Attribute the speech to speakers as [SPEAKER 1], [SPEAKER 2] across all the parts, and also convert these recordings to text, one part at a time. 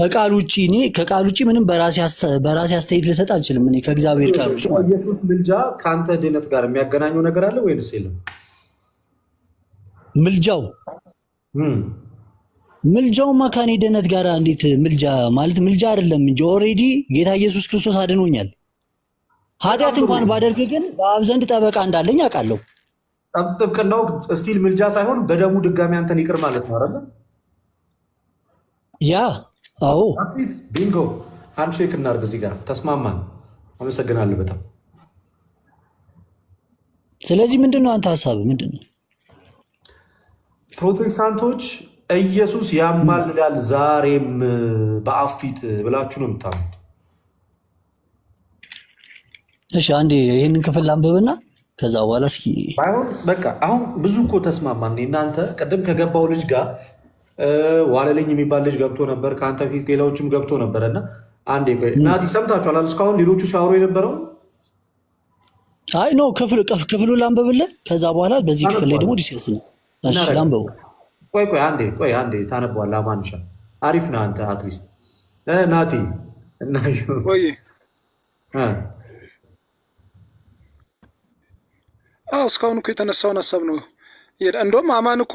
[SPEAKER 1] ከቃል ውጭ እኔ ከቃል ውጭ ምንም በራሴ አስተያየት ልሰጥ አልችልም። እኔ ከእግዚአብሔር ቃል ውጭ
[SPEAKER 2] ኢየሱስ ምልጃ ከአንተ ድነት ጋር የሚያገናኘው ነገር አለ ወይንስ የለም?
[SPEAKER 1] ምልጃው ምልጃውማ ከኔ ድህነት ጋር እንዴት ምልጃ ማለት ምልጃ አይደለም እንጂ ኦልሬዲ ጌታ ኢየሱስ ክርስቶስ አድኖኛል። ኃጢአት እንኳን ባደርግ ግን በአብ ዘንድ ጠበቃ እንዳለኝ አውቃለሁ።
[SPEAKER 2] ጥብቅናው እስቲል ምልጃ ሳይሆን በደሙ ድጋሚ አንተን ይቅር ማለት ነው አይደለ?
[SPEAKER 1] ያ አዎ
[SPEAKER 2] ቢንጎ ሼክ እናድርግ። እዚህ ጋር ተስማማን። አመሰግናለሁ በጣም
[SPEAKER 1] ስለዚህ ምንድን ነው አንተ ሀሳብ ምንድን ነው?
[SPEAKER 2] ፕሮቴስታንቶች ኢየሱስ ያማልዳል ዛሬም በአፊት ብላችሁ ነው የምታምኑት?
[SPEAKER 1] እሺ አንዴ ይህንን ክፍል አንብብና ከዛ በኋላ እስኪ
[SPEAKER 2] ባይሆን በቃ አሁን ብዙ እኮ ተስማማን። እናንተ ቅድም ከገባው ልጅ ጋር ዋለልኝ የሚባል ልጅ ገብቶ ነበር። ከአንተ ፊት ሌላዎችም ገብቶ ነበር እና አንዴ ናቲ ሰምታችኋል። እስካሁን ሌሎቹ ሲያወሩ የነበረው
[SPEAKER 1] አይ ነው ክፍሉ ላንበብለ ከዛ በኋላ በዚህ ክፍል ላይ ደግሞ ዲስከስ
[SPEAKER 2] ላንበቡ ቆይ ቆይ አንዴ ቆይ አንዴ ታነበዋል ለማንሻ አሪፍ ነው አንተ አትሊስት ናቲ እና
[SPEAKER 3] እስካሁን እኮ የተነሳውን ሀሳብ ነው እንደውም አማን እኮ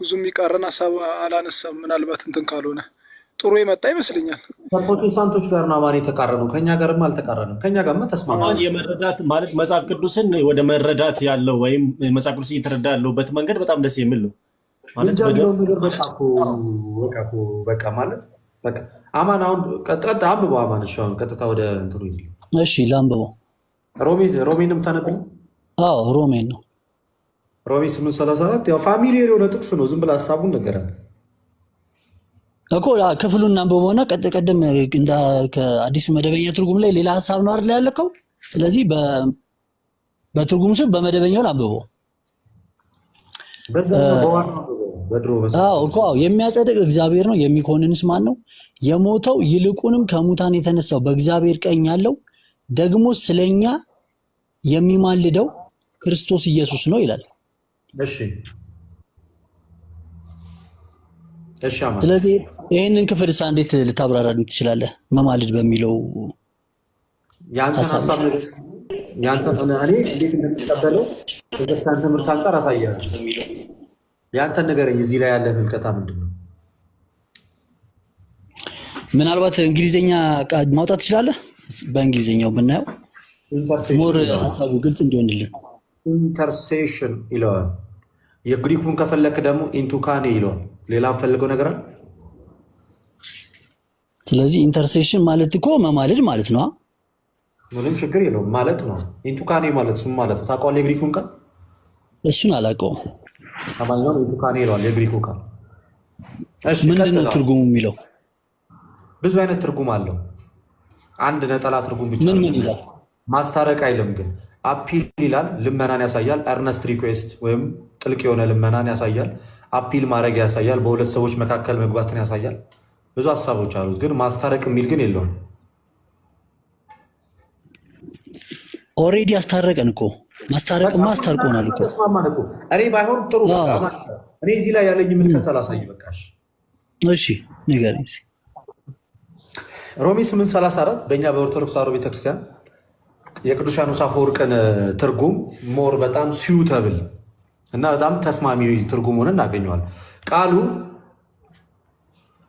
[SPEAKER 3] ብዙ የሚቃረን ሀሳብ አላነሳም። ምናልባት እንትን ካልሆነ ጥሩ የመጣ ይመስለኛል።
[SPEAKER 2] ከፕሮቴስታንቶች ጋር ነው አማን የተቃረነው፣ ከኛ ጋርም አልተቃረንም። ከኛ ጋርም ተስማማ።
[SPEAKER 1] የመረዳት ማለት መጽሐፍ ቅዱስን ወደ መረዳት ያለው ወይም መጽሐፍ ቅዱስ እየተረዳ ያለውበት መንገድ በጣም ደስ የሚል ነው።
[SPEAKER 2] በቃ ማለት አማን አሁን ቀጥታ አንብበው አማን ሁን ቀጥታ ወደ እንትኑ
[SPEAKER 1] እሺ፣ ለአንብበው ሮሜንም ታነብ ሮሜን ነው
[SPEAKER 2] ሮሜ 834 ያው ፋሚሊ የሆነ ጥቅስ ነው። ዝም ብላ ሀሳቡን ነገራል
[SPEAKER 1] እኮ ክፍሉን እናንብበውና ቀደም ከአዲሱ መደበኛ ትርጉም ላይ ሌላ ሀሳብ ነው አይደል ያለከው። ስለዚህ በትርጉም ስም በመደበኛው አንብበው እኮ የሚያጸድቅ እግዚአብሔር ነው፣ የሚኮንንስ ማን ነው? የሞተው ይልቁንም ከሙታን የተነሳው በእግዚአብሔር ቀኝ ያለው ደግሞ ስለኛ የሚማልደው ክርስቶስ ኢየሱስ ነው ይላል። እሺ ስለዚህ ይህንን ክፍል ሳ እንዴት ልታብራራን ትችላለህ? መማልድ በሚለው
[SPEAKER 2] ያንተን ትምህርት አንጻር አሳያል። ያንተን ንገረኝ። እዚህ ላይ ያለህ ምልከታ ምንድን ነው?
[SPEAKER 1] ምናልባት እንግሊዝኛ ማውጣት ትችላለህ? በእንግሊዝኛው ብናየው ሞር ሀሳቡ ግልጽ እንዲሆንልን
[SPEAKER 2] ኢንተርሴሽን ይለዋል። የግሪኩን ከፈለክ ደግሞ ኢንቱካኔ ይለዋል። ሌላ ፈልገው ነገር አለ።
[SPEAKER 1] ስለዚህ ኢንተርሴሽን ማለት እኮ መማለድ ማለት ነው።
[SPEAKER 2] ምንም ችግር የለውም ማለት ነው። ኢንቱካኔ ማለት እሱም ማለት ነው። ታውቀዋለህ የግሪኩን ቃል?
[SPEAKER 1] እሱን አላውቀውም።
[SPEAKER 2] አማኛውም ኢንቱካኔ ይለዋል የግሪኩ ቃል።
[SPEAKER 1] ምንድን ነው ትርጉሙ የሚለው?
[SPEAKER 2] ብዙ አይነት ትርጉም አለው። አንድ ነጠላ ትርጉም ብቻ ምን ምን ይላል? ማስታረቅ አይልም ግን አፒል ይላል። ልመናን ያሳያል። ኤርነስት ሪኩዌስት ወይም ጥልቅ የሆነ ልመናን ያሳያል። አፒል ማድረግ ያሳያል። በሁለት ሰዎች መካከል መግባትን ያሳያል። ብዙ ሀሳቦች አሉት፣ ግን ማስታረቅ የሚል ግን የለውም።
[SPEAKER 1] ኦሬዲ ያስታረቀን እኮ ማስታረቅ ማስታርቆናል እኮ
[SPEAKER 2] እኔ ባይሆን ጥሩ እኔ እዚህ ላይ ያለኝ ምልከት አላሳይ በቃሽ።
[SPEAKER 1] እሺ ንገረኝ።
[SPEAKER 2] ሮሜ 8 34 በእኛ በኦርቶዶክስ ተዋሕዶ ቤተክርስቲያን የቅዱስ ዮሐንስ አፈወርቅን ትርጉም ሞር በጣም ሲዩተብል እና በጣም ተስማሚ ትርጉም ሆነ እናገኘዋል። ቃሉ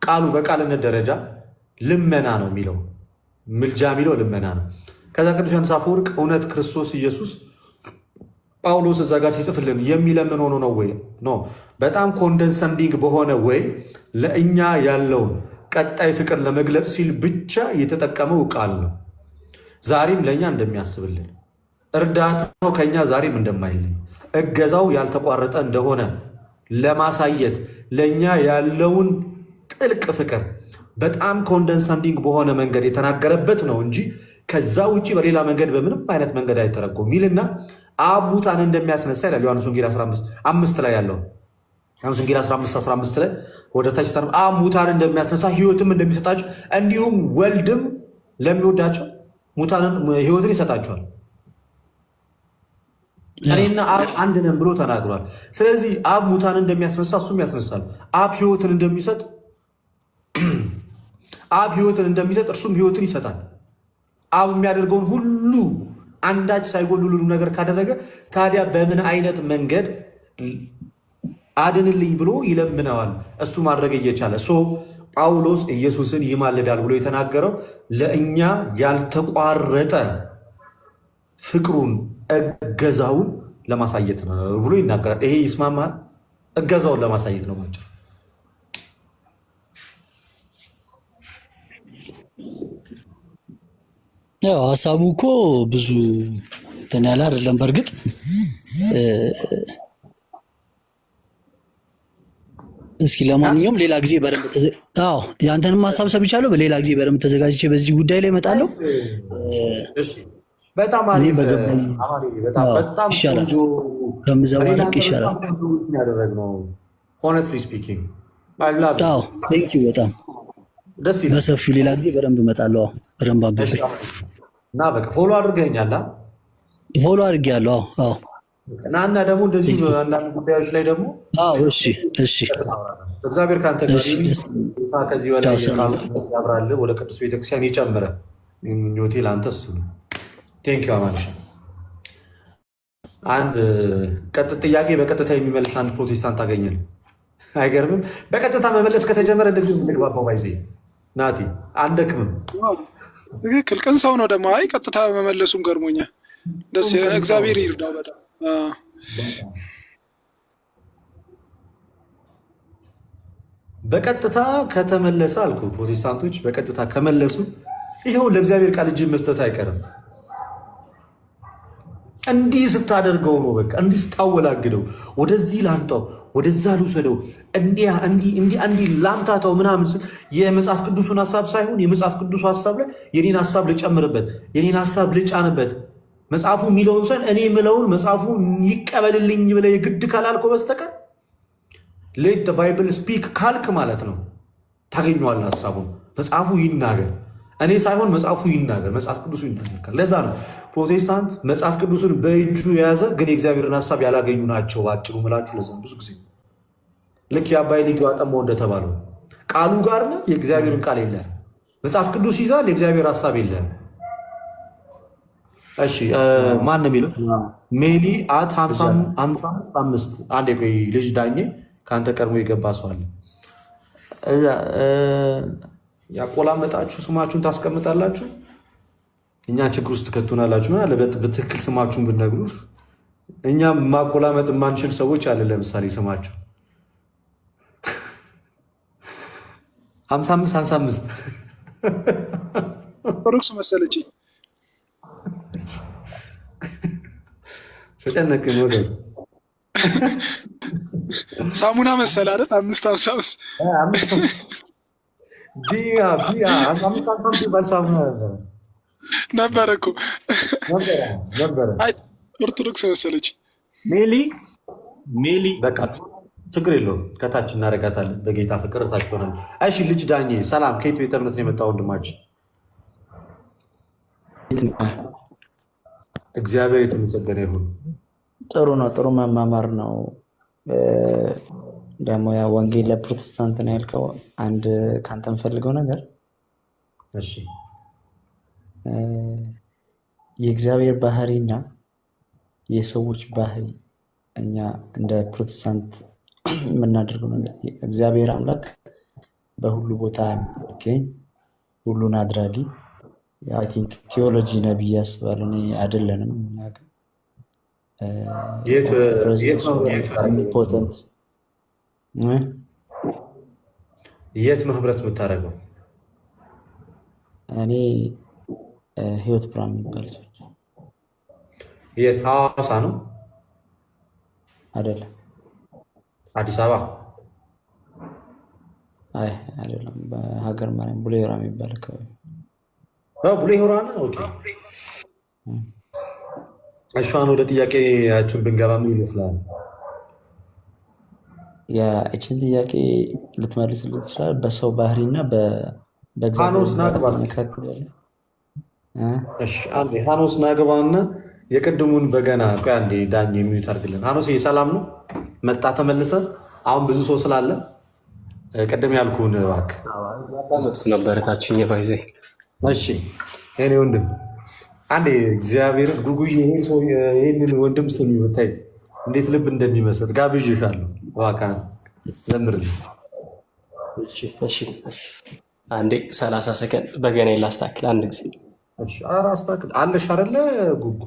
[SPEAKER 2] ቃሉ በቃልነት ደረጃ ልመና ነው የሚለው ምልጃ የሚለው ልመና ነው። ከዛ ቅዱስ ዮሐንስ አፈወርቅ እውነት ክርስቶስ ኢየሱስ ጳውሎስ እዛ ጋር ሲጽፍልን የሚለምን ሆኖ ነው ወይ? ኖ በጣም ኮንደንሰንዲንግ በሆነ ወይ ለእኛ ያለውን ቀጣይ ፍቅር ለመግለጽ ሲል ብቻ የተጠቀመው ቃል ነው። ዛሬም ለእኛ እንደሚያስብልን እርዳታው ከኛ ዛሬም እንደማይለይ እገዛው ያልተቋረጠ እንደሆነ ለማሳየት ለእኛ ያለውን ጥልቅ ፍቅር በጣም ኮንደንሳንዲንግ በሆነ መንገድ የተናገረበት ነው እንጂ ከዛ ውጭ በሌላ መንገድ በምንም አይነት መንገድ አይተረጎም ይልና አቡታን እንደሚያስነሳ ይላል ዮሐንስ ወንጌል 15 ላይ ያለው ዮሐንስ ወንጌል 15 15 ላይ ወደ ታች አብ ሙታን እንደሚያስነሳ ህይወትም እንደሚሰጣቸው እንዲሁም ወልድም ለሚወዳቸው ሙታንን ህይወትን ይሰጣቸዋል። እኔና አብ አንድ ነን ብሎ ተናግሯል። ስለዚህ አብ ሙታን እንደሚያስነሳ እሱም ያስነሳል። አብ ህይወትን እንደሚሰጥ አብ ህይወትን እንደሚሰጥ እርሱም ህይወትን ይሰጣል። አብ የሚያደርገውን ሁሉ አንዳች ሳይጎል ሁሉንም ነገር ካደረገ ታዲያ በምን አይነት መንገድ አድንልኝ ብሎ ይለምነዋል? እሱ ማድረግ እየቻለ ጳውሎስ ኢየሱስን ይማልዳል ብሎ የተናገረው ለእኛ ያልተቋረጠ ፍቅሩን እገዛውን ለማሳየት ነው ብሎ ይናገራል። ይሄ ይስማማል። እገዛውን ለማሳየት ነው ባጭሩ።
[SPEAKER 1] ያው ሀሳቡ እኮ ብዙ እንትን ያለ አይደለም። በእርግጥ እስኪ ለማንኛውም ሌላ ጊዜ በደንብ ያንተንም ሀሳብ ሰብቻለሁ። በሌላ ጊዜ በደንብ ተዘጋጅቼ በዚህ ጉዳይ ላይ እመጣለሁ።
[SPEAKER 2] በጣም ይሻላል፣
[SPEAKER 1] በሰፊው ሌላ ጊዜ በደንብ እመጣለሁ። በደንብ
[SPEAKER 2] እና በቃ ፎሎ አድርገኛል።
[SPEAKER 1] ፎሎ አድርጌያለሁ። አዎ አዎ
[SPEAKER 2] እናና ደግሞ እንደዚህ አንዳንድ ጉዳዮች ላይ ደግሞ
[SPEAKER 1] እሺ እሺ
[SPEAKER 2] እግዚአብሔር ከአንተ ከዚህ በላይ ያብራል፣ ወደ ቅዱስ ቤተክርስቲያን ይጨምረ። ምኞቴ ለአንተ እሱ ነው። ቴንኪው አማንሻ። አንድ ቀጥ ጥያቄ በቀጥታ የሚመልስ አንድ ፕሮቴስታንት ታገኘን። አይገርምም? በቀጥታ መመለስ ከተጀመረ እንደዚህ የምንግባባው ባይዜ ናቲ አንደክምም።
[SPEAKER 3] ትክክል፣ ቅን ሰው ነው ደግሞ። አይ ቀጥታ መመለሱም ገርሞኛ ደስ እግዚአብሔር ይርዳው በጣም
[SPEAKER 2] በቀጥታ ከተመለሰ አልኩ። ፕሮቴስታንቶች በቀጥታ ከመለሱ ይኸው ለእግዚአብሔር ቃል እጅ መስጠት አይቀርም። እንዲህ ስታደርገው ነው በቃ እንዲህ ስታወላግደው፣ ወደዚህ ላምጣው፣ ወደዛ ልውሰደው፣ እንዲህ እንዲህ እንዲህ ላምታታው ምናምን ስል የመጽሐፍ ቅዱሱን ሀሳብ ሳይሆን የመጽሐፍ ቅዱሱ ሀሳብ ላይ የኔን ሀሳብ ልጨምርበት፣ የኔን ሀሳብ ልጫንበት መጽሐፉ የሚለውን ሰን እኔ የምለውን መጽሐፉ ይቀበልልኝ ብለህ የግድ ካላልከው በስተቀር ሌት ባይብል ስፒክ ካልክ ማለት ነው ታገኘዋለህ ሀሳቡን። መጽሐፉ ይናገር እኔ ሳይሆን መጽሐፉ ይናገር፣ መጽሐፍ ቅዱሱ ይናገር ካል። ለዛ ነው ፕሮቴስታንት መጽሐፍ ቅዱስን በእጁ የያዘ ግን የእግዚአብሔርን ሀሳብ ያላገኙ ናቸው ባጭሩ ምላችሁ። ለዛ ብዙ ጊዜ ልክ የአባይ ልጁ አጠማው እንደተባለው ቃሉ ጋር ነው የእግዚአብሔርን ቃል የለ መጽሐፍ ቅዱስ ይዛል፣ የእግዚአብሔር ሀሳብ የለም። እሺ ማን ነው የሚለው? ሜሊ አት ሀምሳ አምስት አንድ ቆይ ልጅ ዳኜ ከአንተ ቀድሞ የገባ ሰው አለ። ያቆላመጣችሁ ስማችሁን ታስቀምጣላችሁ፣ እኛ ችግር ውስጥ ትከቱናላችሁ። ምን አለ በትክክል ስማችሁን ብነግሩ፣ እኛ ማቆላመጥ የማንችል ሰዎች አለ። ለምሳሌ ስማችሁ አምሳ አምስት አምሳ አምስት
[SPEAKER 3] ሩክስ መሰለችኝ
[SPEAKER 1] ተጨነቅ ወደ
[SPEAKER 3] ሳሙና መሰል አይደል? አምስት ሀምሳ
[SPEAKER 2] ቢያ ቢያ አምስት ሀምሳ ባል ሳሙና
[SPEAKER 3] ነበረ እኮ ነበረ። ኦርቶዶክስ መሰለች
[SPEAKER 1] ሜሊ ሜሊ። በቃ ችግር የለውም። ከታች እናደርጋታለን። በጌታ ፍቅር ታች ሆናል። እሺ ልጅ ዳኜ ሰላም። ከየት ቤተ እምነት ነው የመጣው ወንድማችን?
[SPEAKER 2] እግዚአብሔር የተመሰገነ ይሁን።
[SPEAKER 1] ጥሩ ነው። ጥሩ መማማር ነው። ደግሞ ያ ወንጌል ለፕሮቴስታንት ነው ያልከው፣ አንድ ከአንተ የምፈልገው ነገር የእግዚአብሔር ባህሪና የሰዎች ባህሪ እኛ እንደ ፕሮቴስታንት የምናደርገው ነገር እግዚአብሔር አምላክ በሁሉ ቦታ የሚገኝ ሁሉን አድራጊ አይ ቲንክ ቴዎሎጂ ነው ብዬ አስባለሁ። እኔ አይደለንም ኢምፖርተንት
[SPEAKER 2] የት ነው ህብረት የምታደርገው?
[SPEAKER 1] እኔ ህይወት ብራ የሚባል
[SPEAKER 2] የት ሐዋሳ ነው አይደለም? አዲስ አበባ
[SPEAKER 1] አይ አይደለም፣ በሀገር ማርያም ቡሌራ የሚባል አካባቢ
[SPEAKER 2] ቡሌ ሆራና እሷን ወደ ጥያቄያችን ብንገባ ምን ይመስላል?
[SPEAKER 1] ያችን ጥያቄ ልትመልስልን ትችላል። በሰው ባህሪ እና
[SPEAKER 2] በእግዚአብሔር እና የቅድሙን በገና ቆይ አንዴ ዳኝ የሚሉት አድርግልን። ሀኖስ ሰላም ነው መጣ ተመልሰ። አሁን ብዙ ሰው ስላለ ቅድም ያልኩን
[SPEAKER 1] እባክህ ነበረታችን የባይዘ
[SPEAKER 2] እሺ እኔ ወንድም አንድ እግዚአብሔርን ጉጉዬ ይሄንን ወንድም ስም ይወታይ እንዴት ልብ እንደሚመስል ጋብዤሻለሁ። ዋካ ዘምርልኝ።
[SPEAKER 1] አንዴ ሰላሳ ሰከንድ በገና ላስታክል። አንድ ጊዜ
[SPEAKER 2] አስታክል አለሽ አይደለ? ጉጉ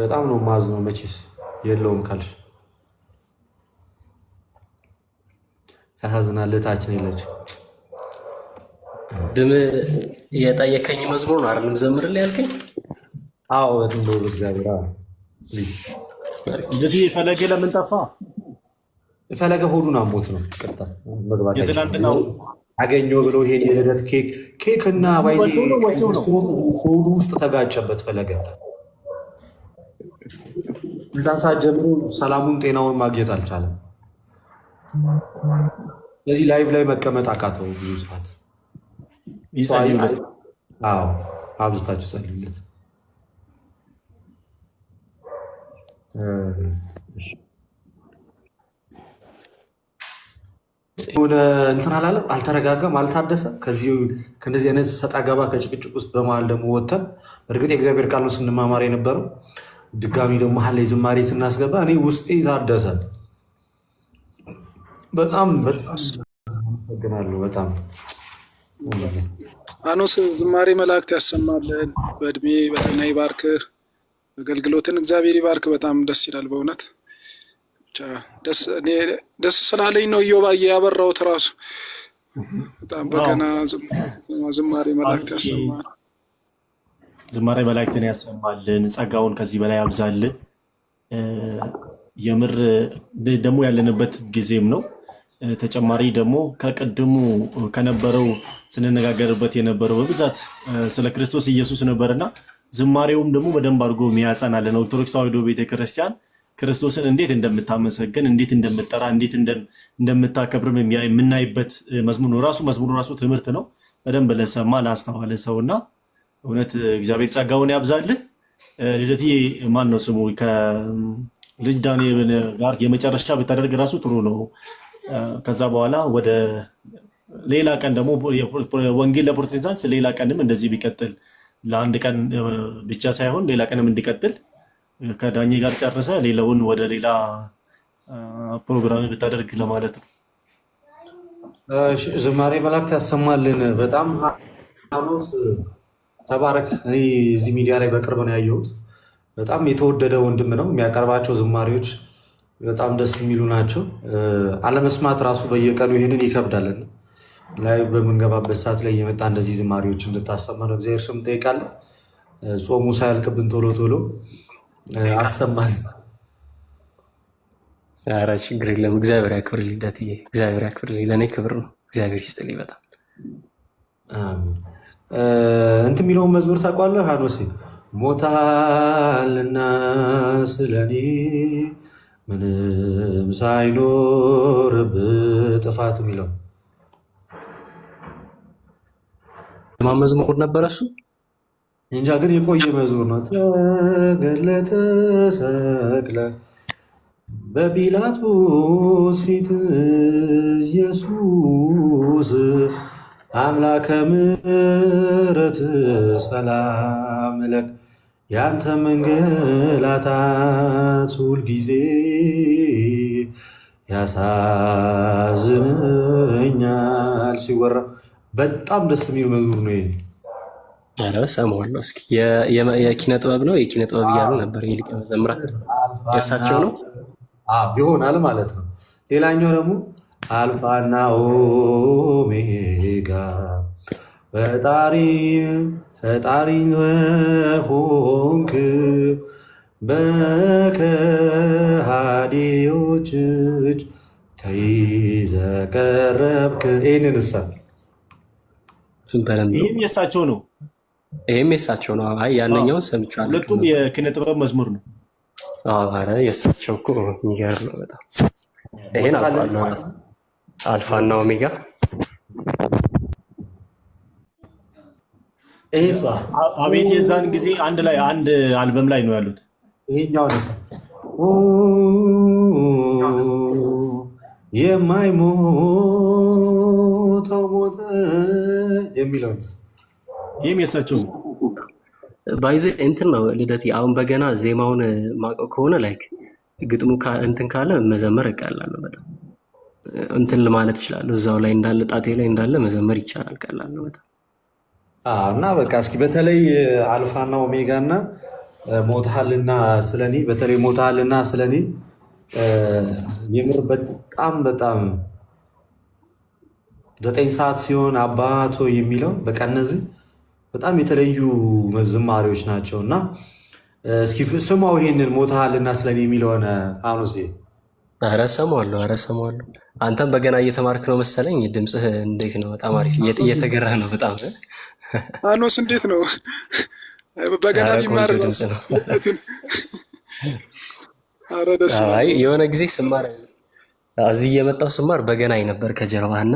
[SPEAKER 2] በጣም ነው ማዝ ነው መቼስ የለውም ካልሽ ያሳዝናል። እህታችን የለችም።
[SPEAKER 1] ድም የጠየከኝ መዝሙር ነው አይደለም? ዘምርልህ ያልከኝ?
[SPEAKER 2] አዎ እንደው እግዚአብሔር እንግዲህ ፈለገ ለምን ጠፋ? ፈለገ ሆዱን አሞት ነው። ቅርታ አገኘው ብሎ ይሄን የልደት ኬክ ኬክ እና ባይዜ ሆዱ ውስጥ ተጋጨበት። ፈለገ እዛን ሰዓት ጀምሮ ሰላሙን ጤናውን ማግኘት አልቻለም። ስለዚህ ላይቭ ላይ መቀመጥ አቃተው ብዙ ሰዓት ይጸልዩለት። አዎ አብዝታችሁ ጸልዩለት። እንትን አላለም፣ አልተረጋጋም፣ አልታደሰም። ከዚህ ከእንደዚህ አይነት ሰጣገባ ከጭቅጭቅ ውስጥ በመሀል ደግሞ ወተን እርግጥ የእግዚአብሔር ቃል ነው ስንማማር የነበረው ድጋሚ ደግሞ መሀል ላይ ዝማሬ ስናስገባ እኔ ውስጤ ታደሰ። በጣም በጣም አመሰግናለሁ በጣም
[SPEAKER 3] አኖስ ዝማሬ መላእክት ያሰማልን፣ በእድሜ በጤና ባርክ አገልግሎትን እግዚአብሔር ይባርክ። በጣም ደስ ይላል በእውነት ደስ ስላለኝ ነው እዮባዬ ያበራሁት እራሱ በጣም በገና ዝማሬ መላእክት ያሰማል።
[SPEAKER 2] ዝማሬ መላእክትን ያሰማልን፣ ጸጋውን ከዚህ በላይ ያብዛልን። የምር ደግሞ ያለንበት ጊዜም ነው ተጨማሪ ደግሞ ከቅድሙ ከነበረው ስንነጋገርበት የነበረው በብዛት ስለ ክርስቶስ ኢየሱስ ነበርና ዝማሬውም ደግሞ በደንብ አድርጎ የሚያጸናለን ኦርቶዶክስ ተዋሕዶ ቤተክርስቲያን ክርስቶስን እንዴት እንደምታመሰግን እንዴት እንደምጠራ እንዴት እንደምታከብርም የምናይበት መዝሙር ነው። ራሱ መዝሙሩ ራሱ ትምህርት ነው። በደንብ ለሰማ ላስተዋለ እና እውነት እግዚአብሔር ጸጋውን ያብዛልህ። ልደት ማን ነው ስሙ? ከልጅ ዳንኤል ጋር የመጨረሻ ብታደርግ ራሱ ጥሩ ነው። ከዛ በኋላ ወደ ሌላ ቀን ደግሞ ወንጌል ለፕሮቴስታንት ሌላ ቀንም እንደዚህ ቢቀጥል ለአንድ ቀን ብቻ ሳይሆን ሌላ ቀንም እንዲቀጥል ከዳኜ ጋር ጨርሰ ሌላውን ወደ ሌላ ፕሮግራም ብታደርግ ለማለት ነው። ዝማሬ መላእክት ያሰማልን። በጣም ተባረክ። እኔ እዚህ ሚዲያ ላይ በቅርብ ነው ያየሁት። በጣም የተወደደ ወንድም ነው። የሚያቀርባቸው ዝማሬዎች በጣም ደስ የሚሉ ናቸው። አለመስማት ራሱ በየቀኑ ይህንን ይከብዳለን። ላይ በምንገባበት ሰዓት ላይ የመጣ እንደዚህ ዝማሪዎች እንድታሰማ ነው እግዚአብሔር ስም ጠይቃለን። ጾሙ ሳያልቅብን ቶሎ ቶሎ አሰማል።
[SPEAKER 1] ኧረ ችግር የለም። እግዚአብሔር ያክብር ዳትዬ፣ እግዚአብሔር ያክብር። ለእኔ ክብር ነው። እግዚአብሔር ይስጥልኝ። በጣም
[SPEAKER 2] እንት የሚለውን መዝሙር ታውቋለህ? ሀኖሴ ሞታልና ስለኔ ምንም ሳይኖርብ ጥፋት የሚለው
[SPEAKER 1] ማን መዝሙር ነበረ? እሱ
[SPEAKER 2] እንጃ ግን የቆየ መዝሙር ነው። ተገለጠ ሰቅለ በጲላጦስ ፊት ኢየሱስ አምላከ ምሕረት ሰላም ለክ ያንተ መንገላታት ሁልጊዜ ያሳዝነኛል ሲወራ በጣም ደስ የሚል መዝሙር ነው።
[SPEAKER 1] ኧረ ነው እስኪ የኪነ ጥበብ ነው የኪነ ጥበብ እያሉ ነበር። የሊቀ መዘምራን የእሳቸው ነው
[SPEAKER 2] ይሆናል ማለት ነው። ሌላኛው ደግሞ አልፋና ኦሜጋ በጣሪም ፈጣሪ በሆንክ በከሃዲዎች እጅ ተይዘቀረብክ። ይህንን እሳ ይህም የሳቸው ነው።
[SPEAKER 1] ይህም የሳቸው ነው። አይ
[SPEAKER 2] ሰምቻለሁ። ሁለቱም የኪነ ጥበብ መዝሙር ነው።
[SPEAKER 1] አረ የሳቸው እኮ የሚገርም ነው በጣም ይሄን አልፋና ኦሜጋ
[SPEAKER 2] ይሄ አቤል የዛን ጊዜ አንድ ላይ አንድ አልበም ላይ ነው ያሉት። ይሄኛው ደስ የማይሞተው ሞተ የሚለው ይህም የሳቸው
[SPEAKER 1] ባይዞ እንትን ነው ልደት። አሁን በገና ዜማውን ማቀው ከሆነ ላይክ ግጥሙ እንትን ካለ መዘመር እቃላለሁ በጣም እንትን ማለት እችላለሁ። እዛው ላይ እንዳለ ጣቴ ላይ እንዳለ መዘመር ይቻላል። ቀላለሁ በጣም
[SPEAKER 2] እና በቃ እስኪ በተለይ አልፋና ኦሜጋ እና ሞታልና ስለኔ በተለይ ሞታልና ስለኔ የምር በጣም በጣም ዘጠኝ ሰዓት ሲሆን አባቶ የሚለው በቃ እነዚህ በጣም የተለዩ ዝማሪዎች ናቸው እና እስኪ ስማው ይሄንን ሞታልና ስለኔ የሚለሆነ አኑሴ
[SPEAKER 1] ኧረ እሰማዋለሁ ኧረ እሰማዋለሁ አንተም በገና እየተማርክ ነው መሰለኝ ድምፅህ እንዴት ነው በጣም አሪፍ እየተገራ ነው በጣም
[SPEAKER 3] አኖስ እንዴት ነው? በገና ሊማር
[SPEAKER 1] የሆነ ጊዜ ስማር እዚህ የመጣው ስማር በገናኝ ነበር ከጀርባህና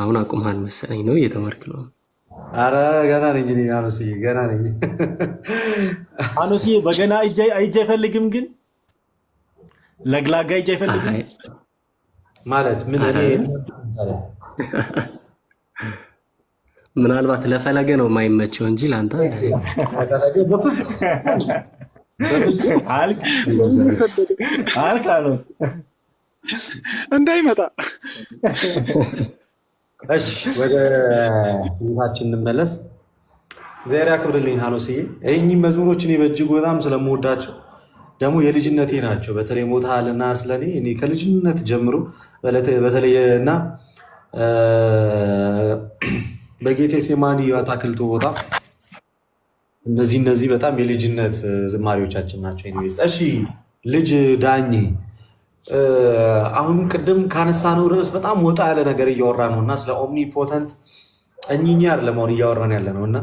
[SPEAKER 1] አሁን አቁማን መሰለኝ ነው እየተማርክ ነው።
[SPEAKER 2] አረ ገና ነኝ እኔ አኖስዬ፣ ገና ነኝ አኖስዬ። በገና እጅ አይፈልግም ግን ለግላጋ እጅ አይፈልግም ማለት ምን እኔ
[SPEAKER 1] ምናልባት ለፈለገ ነው የማይመቸው እንጂ ለአንተ
[SPEAKER 3] እንዳይመጣ።
[SPEAKER 2] እሺ ወደ ታችን እንመለስ። እግዚአብሔር ያክብርልኝ ሀኖስዬ። እኚህ መዝሙሮች እኔ በእጅጉ በጣም ስለምወዳቸው ደግሞ የልጅነቴ ናቸው። በተለይ ሞታል እና ስለኔ እኔ ከልጅነት ጀምሮ በተለይ እና በጌቴ ሴማኒ አታክልቱ ቦታ እነዚህ እነዚህ በጣም የልጅነት ዝማሪዎቻችን ናቸው። እሺ፣ ልጅ ዳኝ፣ አሁን ቅድም ካነሳነው ርዕስ በጣም ወጣ ያለ ነገር እያወራ ነው እና ስለ ኦምኒፖተንት እኝኛ አይደለም አሁን እያወራን ያለ ነው እና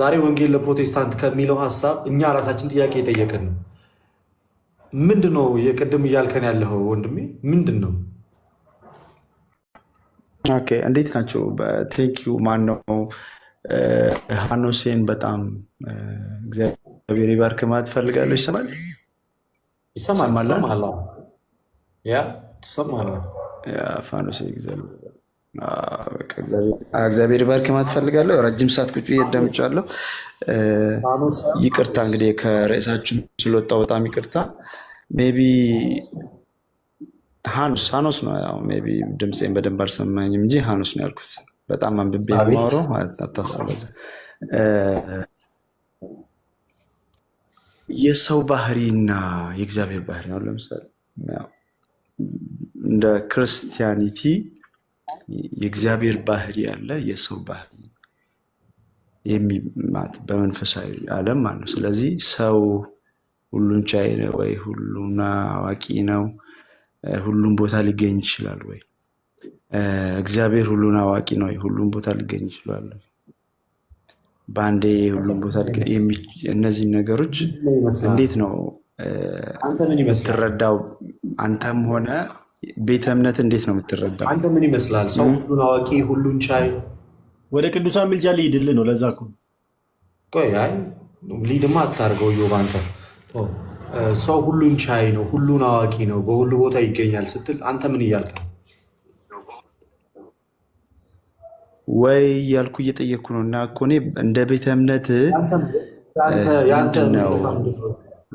[SPEAKER 2] ዛሬ ወንጌል ለፕሮቴስታንት ከሚለው ሀሳብ እኛ ራሳችን ጥያቄ የጠየቅን ነው። ምንድን ነው የቅድም እያልከን ያለው ወንድሜ? ምንድን ነው ኦኬ እንዴት ናቸው? ቴንክ ማነው ሃኖሴን በጣም እግዚአብሔር ይባርክ ማለት ፈልጋለሁ። ይሰማል ይሰማል። ፋኖሴ እግዚአብሔር ይባርክ ማለት ፈልጋለሁ። ረጅም ሰዓት ቁጭ እያዳምጫለሁ። ይቅርታ እንግዲህ ከርዕሳችን ስለወጣ በጣም ይቅርታ ሜይ ቢ ሀኑስ ሀኖስ ነው። ያው ሜይ ቢ ድምፄን በደንብ አልሰማኝም እንጂ ሃኑስ ነው ያልኩት። በጣም አንብቤ ማሮ አታስበ የሰው ባህሪና የእግዚአብሔር ባህሪ ነው። ለምሳሌ እንደ ክርስቲያኒቲ የእግዚአብሔር ባህሪ ያለ የሰው ባህሪ በመንፈሳዊ ዓለም ማለት ነው። ስለዚህ ሰው ሁሉን ቻይ ነው ወይ ሁሉና አዋቂ ነው ሁሉም ቦታ ሊገኝ ይችላል ወይ? እግዚአብሔር ሁሉን አዋቂ ነው። ሁሉም ቦታ ሊገኝ ይችላል። በአንዴ ሁሉም ቦታ እነዚህን ነገሮች እንዴት ነው የምትረዳው? አንተም ሆነ ቤተ እምነት እንዴት ነው የምትረዳው? አንተ ምን ይመስላል? ሰው ሁሉን አዋቂ፣ ሁሉን ቻይ። ወደ ቅዱሳን ምልጃ ሊሄድልህ ነው። ለዛ ቆይ፣ አይ ሊድማ አታርገው። እዮብ አንተ ሰው ሁሉን ቻይ ነው፣ ሁሉን አዋቂ ነው፣ በሁሉ ቦታ ይገኛል ስትል አንተ ምን እያልክ ነው? ወይ እያልኩ እየጠየቅኩ ነው። እና እኮ እኔ እንደ ቤተ እምነት ነው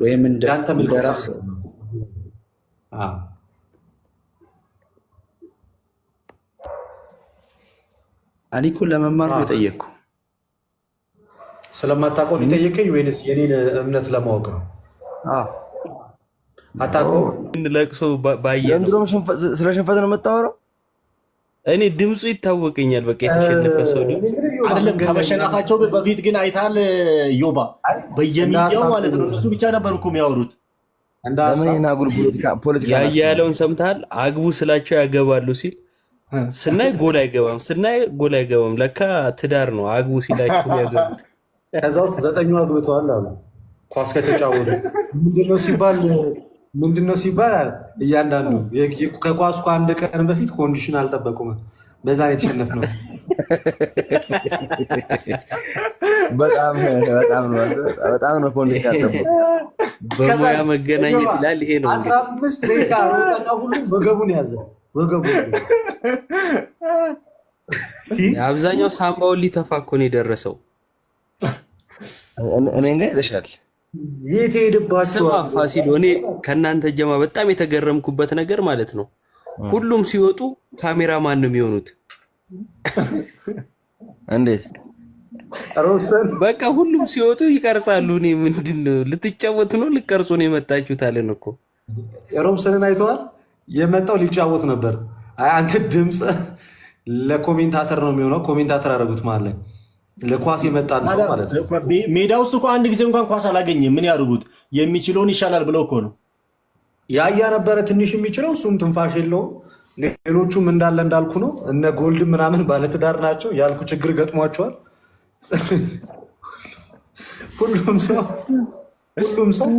[SPEAKER 2] ወይም እንደ ራስ እኔ እኮ ለመማር ነው የጠየቅኩ። ስለማታውቀው የጠየቀኝ ወይንስ የኔን እምነት ለማወቅ ነው? አታውቀውም?
[SPEAKER 1] ለቅሶ ባየህ
[SPEAKER 2] ነው። ስለ ሽንፈት ነው የምታወራው?
[SPEAKER 1] እኔ ድምፁ ይታወቀኛል። በቃ የተሸነፈ ሰው ድምፅ
[SPEAKER 2] አይደለም። ከመሸናፋቸው በፊት ግን አይታል ዮባ በየሚዲያው ማለት ነው። እነሱ ብቻ ነበሩ እኮ የሚያወሩት።
[SPEAKER 1] ያለውን ሰምተሃል? አግቡ ስላቸው ያገባሉ ሲል ስናይ ጎል አይገባም፣ ስናይ ጎል አይገባም። ለካ ትዳር ነው አግቡ ሲላቸው ያገቡት።
[SPEAKER 2] ከዛ ውስጥ ዘጠኙ አግብተዋል አሉ ኳስ ከተጫወቱ ምንድነው ሲባል ምንድነው ሲባል እያንዳንዱ ከኳስ አንድ ቀን በፊት ኮንዲሽን አልጠበቁም። በዛ የተሸነፍ ነው። በጣም ነው ኮንዲሽን አልጠበቁም።
[SPEAKER 1] በሙያ መገናኘት ይላል። ይሄ
[SPEAKER 2] ነው አስራ አምስት ደቂቃ ሁሉ ወገቡን ያዘ። ወገቡ
[SPEAKER 1] አብዛኛው ሳምባውን ሊተፋ እኮ ነው የደረሰው።
[SPEAKER 2] እኔ ጋ ይተሻል
[SPEAKER 1] የት ሄድባቸው? ፋሲል እኔ ከእናንተ ጀማ በጣም የተገረምኩበት ነገር ማለት ነው ሁሉም ሲወጡ ካሜራ ማን ነው የሚሆኑት? እንዴት በቃ ሁሉም ሲወጡ ይቀርጻሉ። እኔ ምንድን ነው ልትጫወት ነው ልቀርጹ ነው የመጣችሁት? አለን እኮ
[SPEAKER 2] ሮብሰንን አይተዋል። የመጣው ሊጫወት ነበር። አንተ ድምፅ ለኮሜንታተር ነው የሚሆነው። ኮሜንታተር አደረጉት ማለት ለኳስ የመጣን ሰው ማለት ነው።
[SPEAKER 1] ሜዳ ውስጥ እኮ አንድ ጊዜ እንኳን ኳስ አላገኘ። ምን ያድርጉት? የሚችለውን ይሻላል ብለው እኮ ነው
[SPEAKER 2] ያያ ነበረ ትንሽ የሚችለው እሱም ትንፋሽ የለውም። ሌሎቹም እንዳለ እንዳልኩ ነው። እነ ጎልድ ምናምን ባለትዳር ናቸው ያልኩ ችግር ገጥሟቸዋል። ሁሉም ሰው ሁሉም ሰው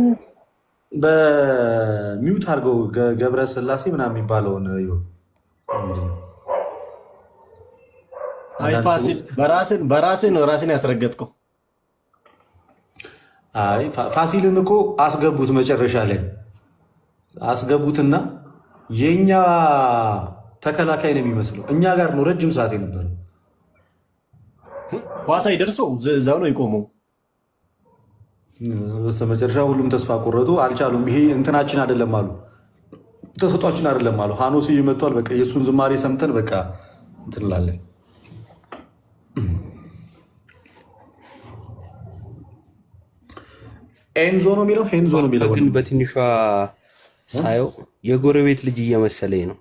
[SPEAKER 2] በሚዩት አድርገው ገብረ ስላሴ ምናምን የሚባለውን
[SPEAKER 1] በራስን ራስን ያስረገጥከው።
[SPEAKER 2] አይ ፋሲልን እኮ አስገቡት፣ መጨረሻ ላይ አስገቡትና የኛ ተከላካይ ነው የሚመስለው። እኛ ጋር ነው ረጅም ሰዓት የነበረው።
[SPEAKER 1] ኳስ አይደርሰው እዛው ነው የቆመው።
[SPEAKER 2] በስተመጨረሻ ሁሉም ተስፋ ቆረጡ፣ አልቻሉም። ይሄ እንትናችን አይደለም አሉ፣ ተሰጧችን አይደለም አሉ። ሀኖስ ይመቷል። በቃ የእሱን ዝማሬ ሰምተን በቃ እንትን ኤንዞ ነው የሚለው ሄንዞ ነው የሚለው ግን
[SPEAKER 1] በትንሿ ሳየው የጎረቤት ልጅ እየመሰለኝ ነው።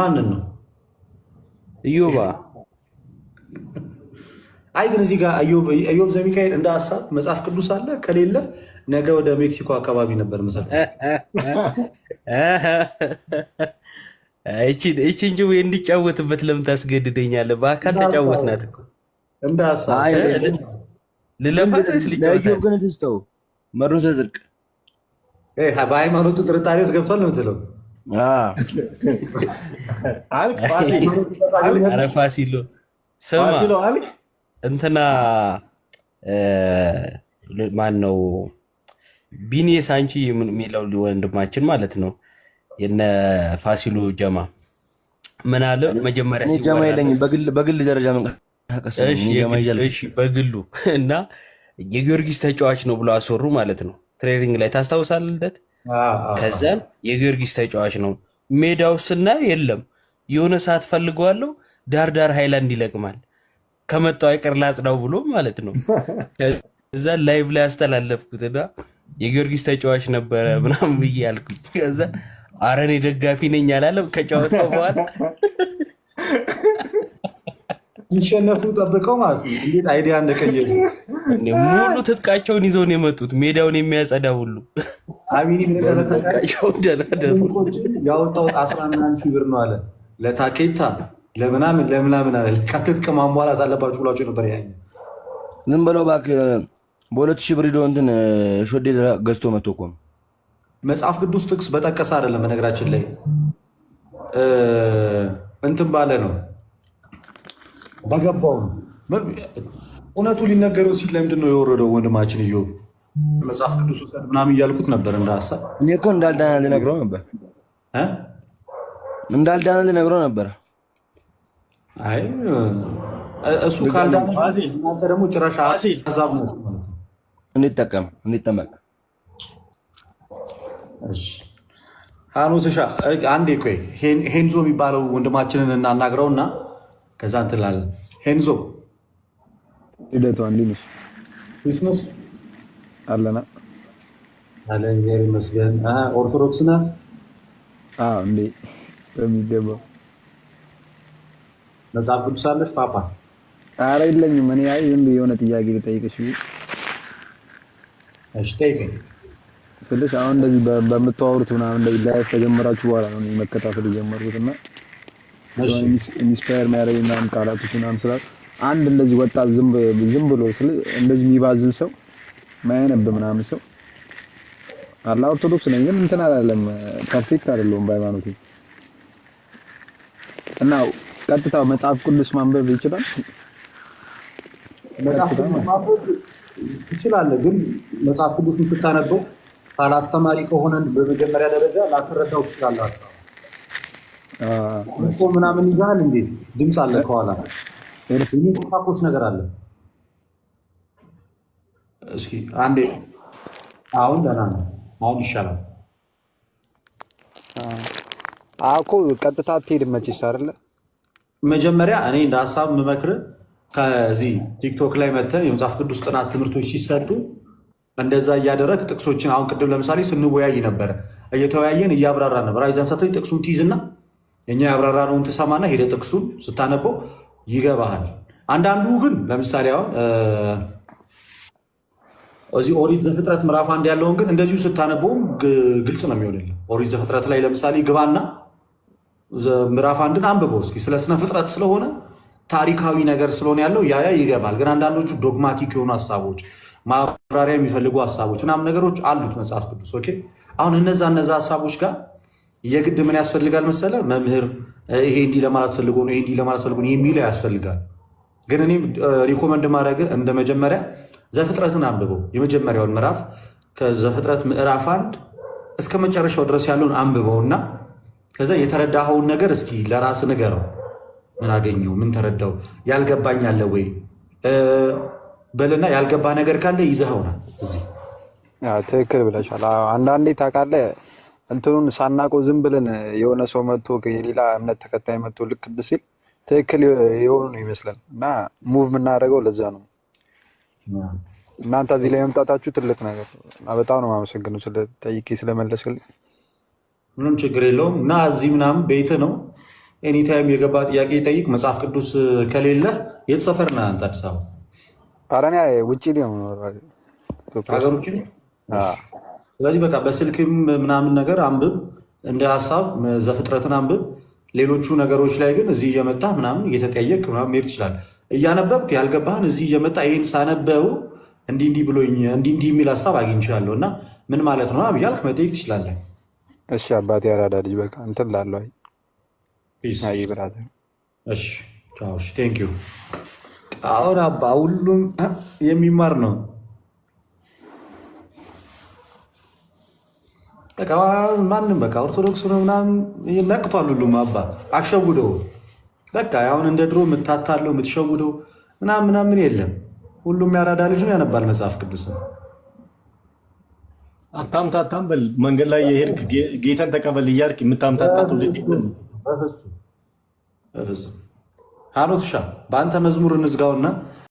[SPEAKER 1] ማንን ነው? እዮባ
[SPEAKER 2] አይ ግን እዚህ ጋር እዮብ ዘሚካኤል እንደ ሀሳብ መጽሐፍ ቅዱስ አለ። ከሌለ ነገ ወደ ሜክሲኮ አካባቢ ነበር መሰለኝ
[SPEAKER 1] ይቺ እንጂ ወይ እንዲጫወትበት ለምን ታስገድደኛለህ? በአካል ተጫወትናት እኮ ልለፋት ወይስ
[SPEAKER 2] ሊጫወታል? ግን ትስተው መሮተ ጽድቅ በሃይማኖቱ ጥርጣሬ ውስጥ ገብቷል ነው የምትለው?
[SPEAKER 1] ኧረ ፋሲሎ ስማ፣ እንትና ማን ነው ቢኔ ሳንቺ የሚለው ወንድማችን ማለት ነው የነ ፋሲሉ ጀማ ምን አለ መጀመሪያ
[SPEAKER 2] ጀማ የለኝም በግል ደረጃ መንቀሳቀስ በግሉ እና የጊዮርጊስ ተጫዋች ነው ብሎ አስወሩ ማለት ነው። ትሬኒንግ ላይ ታስታውሳል ልደት። ከዛም የጊዮርጊስ ተጫዋች ነው ሜዳው ስና የለም። የሆነ ሰዓት ፈልገዋለሁ ዳርዳር ሃይላንድ ይለቅማል ከመጣው አይቀር ላጽዳው ብሎ ማለት ነው። ከዛ ላይቭ ላይ አስተላለፍኩትና የጊዮርጊስ ተጫዋች ነበረ ምናምን ብዬ አልኩኝ። ከዛ አረኔ ደጋፊ ነኝ አላለም። ከጨዋታው በኋላ ሲሸነፉ ጠብቀው ማለት ነው። እንዴት አይዲያ እንደቀየሩ ሙሉ ትጥቃቸውን ይዘውን የመጡት። ሜዳውን የሚያጸዳ ሁሉ ያወጣው አስራ ምናምን ሺህ ብር ነው አለ ለታኬታ ለምናምን ለምናምን አለ። ከትጥቅ ማሟላት አለባችሁ ብሏቸው ነበር። ያ ዝም ብለው እባክህ በሁለት ሺህ ብር ሂዶ እንትን ሾዴ ገዝቶ መቶ እኮ ነው መጽሐፍ ቅዱስ ጥቅስ በጠቀሰ አይደለም። በነገራችን ላይ እንትን ባለ ነው በገባው እውነቱ ሊነገረው ሲል ለምንድን ነው የወረደው? ወንድማችን እዮ መጽሐፍ ቅዱስ ውሰድ ምናምን እያልኩት ነበር እንደ ሀሳብ። እኔ እኮ እንዳልዳነ ልነግረው ነበር እንዳልዳነ ልነግረው ነበር። አይ እሱ ካልዳ እናንተ ደግሞ ጭራሽ ሀሳብ ነው እንጠቀም እንጠመቅ አኖትሻ አንዴ ቆይ፣ ሄንዞ የሚባለው ወንድማችንን እናናግረው እና ከዛ እንትን ሄንዞ ልደቷ እንዲህ ነሽ አለና አለ እግዚአብሔር ይመስገን። ኦርቶዶክስ ና እንዴ በሚገባው መጽሐፍ ቅዱስ አለሽ ፓፓ? አረ የለኝም እኔ የሆነ ጥያቄ ልጠይቅሽ። እሺ ጠይቀኝ። ስልሽ አሁን እንደዚህ በምታወሩት ምናምን እንደዚህ ላይፍ ከጀመራችሁ በኋላ ነው መከታተል የጀመርኩት እና ኢንስፓየር የሚያደርግ ምናምን ቃላቶች ምናምን ስላት አንድ እንደዚህ ወጣት ዝም ዝም ብሎ እንደዚህ የሚባዝን ሰው ማያነብ ምናምን ሰው አላ ኦርቶዶክስ ነኝ ግን እንትን አላለም ፐርፌክት አይደለሁም በሃይማኖቴ እና ቀጥታ መጽሐፍ ቅዱስ ማንበብ ይችላል መጽሐፍ ቅዱስ ማንበብ ይችላል ግን መጽሐፍ ቅዱስን ስታነበው ካላስተማሪ ከሆነ በመጀመሪያ ደረጃ ላትረዳው ትችላላችሁ። እኮ ምናምን ይዛል እንዴ ድምፅ አለ ከኋላ ቁሳቁስ ነገር አለ። እስኪ አንዴ አሁን ደህና ነው። አሁን ይሻላል አኮ ቀጥታ አትሄድም መቼስ አይደለ? መጀመሪያ እኔ እንደ ሀሳብ የምመክር ከዚህ ቲክቶክ ላይ መተን የመጽሐፍ ቅዱስ ጥናት ትምህርቶች ሲሰጡ እንደዛ እያደረግ ጥቅሶችን አሁን ቅድም ለምሳሌ ስንወያይ ነበረ፣ እየተወያየን እያብራራ ነበር። አይዛን ሰተኝ ጥቅሱን ትይዝና እኛ ያብራራ ነውን ትሰማና ሄደ ጥቅሱን ስታነበው ይገባሃል። አንዳንዱ ግን ለምሳሌ አሁን እዚህ ኦሪት ዘፍጥረት ምዕራፍ አንድ ያለውን ግን እንደዚሁ ስታነበውም ግልጽ ነው የሚሆንልህ። ኦሪት ዘፍጥረት ላይ ለምሳሌ ግባና ምዕራፍ አንድን አንብበው እስኪ ስለ ስነ ፍጥረት ስለሆነ ታሪካዊ ነገር ስለሆነ ያለው ያያ ይገባል። ግን አንዳንዶቹ ዶግማቲክ የሆኑ ሀሳቦች ማብራሪያ የሚፈልጉ ሀሳቦች ምናምን ነገሮች አሉት መጽሐፍ ቅዱስ። ኦኬ አሁን እነዛ እነዛ ሀሳቦች ጋር የግድ ምን ያስፈልጋል መሰለ መምህር ይሄ እንዲህ ለማለት ፈልጎ ነው ይሄ እንዲህ ለማለት ፈልጎ ነው የሚለው ያስፈልጋል። ግን እኔም ሪኮመንድ ማድረግ እንደ መጀመሪያ ዘፍጥረትን አንብበው የመጀመሪያውን ምዕራፍ ከዘፍጥረት ምዕራፍ አንድ እስከ መጨረሻው ድረስ ያለውን አንብበውና ከዛ የተረዳኸውን ነገር እስኪ ለራስ ንገረው። ምን አገኘው? ምን ተረዳው? ያልገባኝ አለ ወይ? በልና ያልገባ ነገር ካለ ይዘኸውና እዚህ ትክክል ብለሻል። አንዳንዴ ታውቃለህ እንትኑን ሳናቆ ዝም ብለን የሆነ ሰው መጥቶ የሌላ እምነት ተከታይ መጥቶ ልክ ሲል ትክክል የሆኑ ነው ይመስለን እና ሙቭ የምናደርገው ለዛ ነው። እናንተ እዚህ ላይ መምጣታችሁ ትልቅ ነገር እና በጣም ነው የማመሰግነው ስለጠይቄ ስለመለስልኝ። ምንም ችግር የለውም እና እዚህ ምናምን ቤት ነው ኤኒታይም የገባ ጥያቄ ጠይቅ። መጽሐፍ ቅዱስ ከሌለ የተሰፈር ሰፈር ነህ አንተ? አዲስ አበባ አረኒያ ውጭ ነው። ሀገር ውጭ ነው። ስለዚህ በቃ በስልክም ምናምን ነገር አንብብ፣ እንደ ሀሳብ ዘፍጥረትን አንብብ። ሌሎቹ ነገሮች ላይ ግን እዚህ እየመጣ ምናምን እየተጠየቅ ምናምን መሄድ ይችላል። እያነበብክ ያልገባህን እዚህ እየመጣ ይህን ሳነበው እንዲህ እንዲህ ብሎኝ እንዲህ እንዲህ የሚል ሀሳብ አግኝቻለሁ እና ምን ማለት ነው ብያልክ መጠየቅ ትችላለህ። እሺ አባቴ አራዳ ልጅ በቃ እንትን ላለ ይ ብራ እሺ ቴንክ ዩ አሁን አባ ሁሉም የሚማር ነው። ማንም በቃ ኦርቶዶክስ ነው ምናምን ነቅቷል። ሁሉም አባ አሸውደው በቃ አሁን እንደ ድሮ የምታታለው የምትሸውደው ምናምን ምናምን የለም። ሁሉም ያራዳ ልጅ ያነባል መጽሐፍ ቅዱስ ነው። አታምታ አታምበል መንገድ ላይ የሄድክ ጌታን ተቀበል እያልክ የምታምታታ ትውልድ በፍጹም ሀኖትሻ በአንተ መዝሙር እንዝጋውና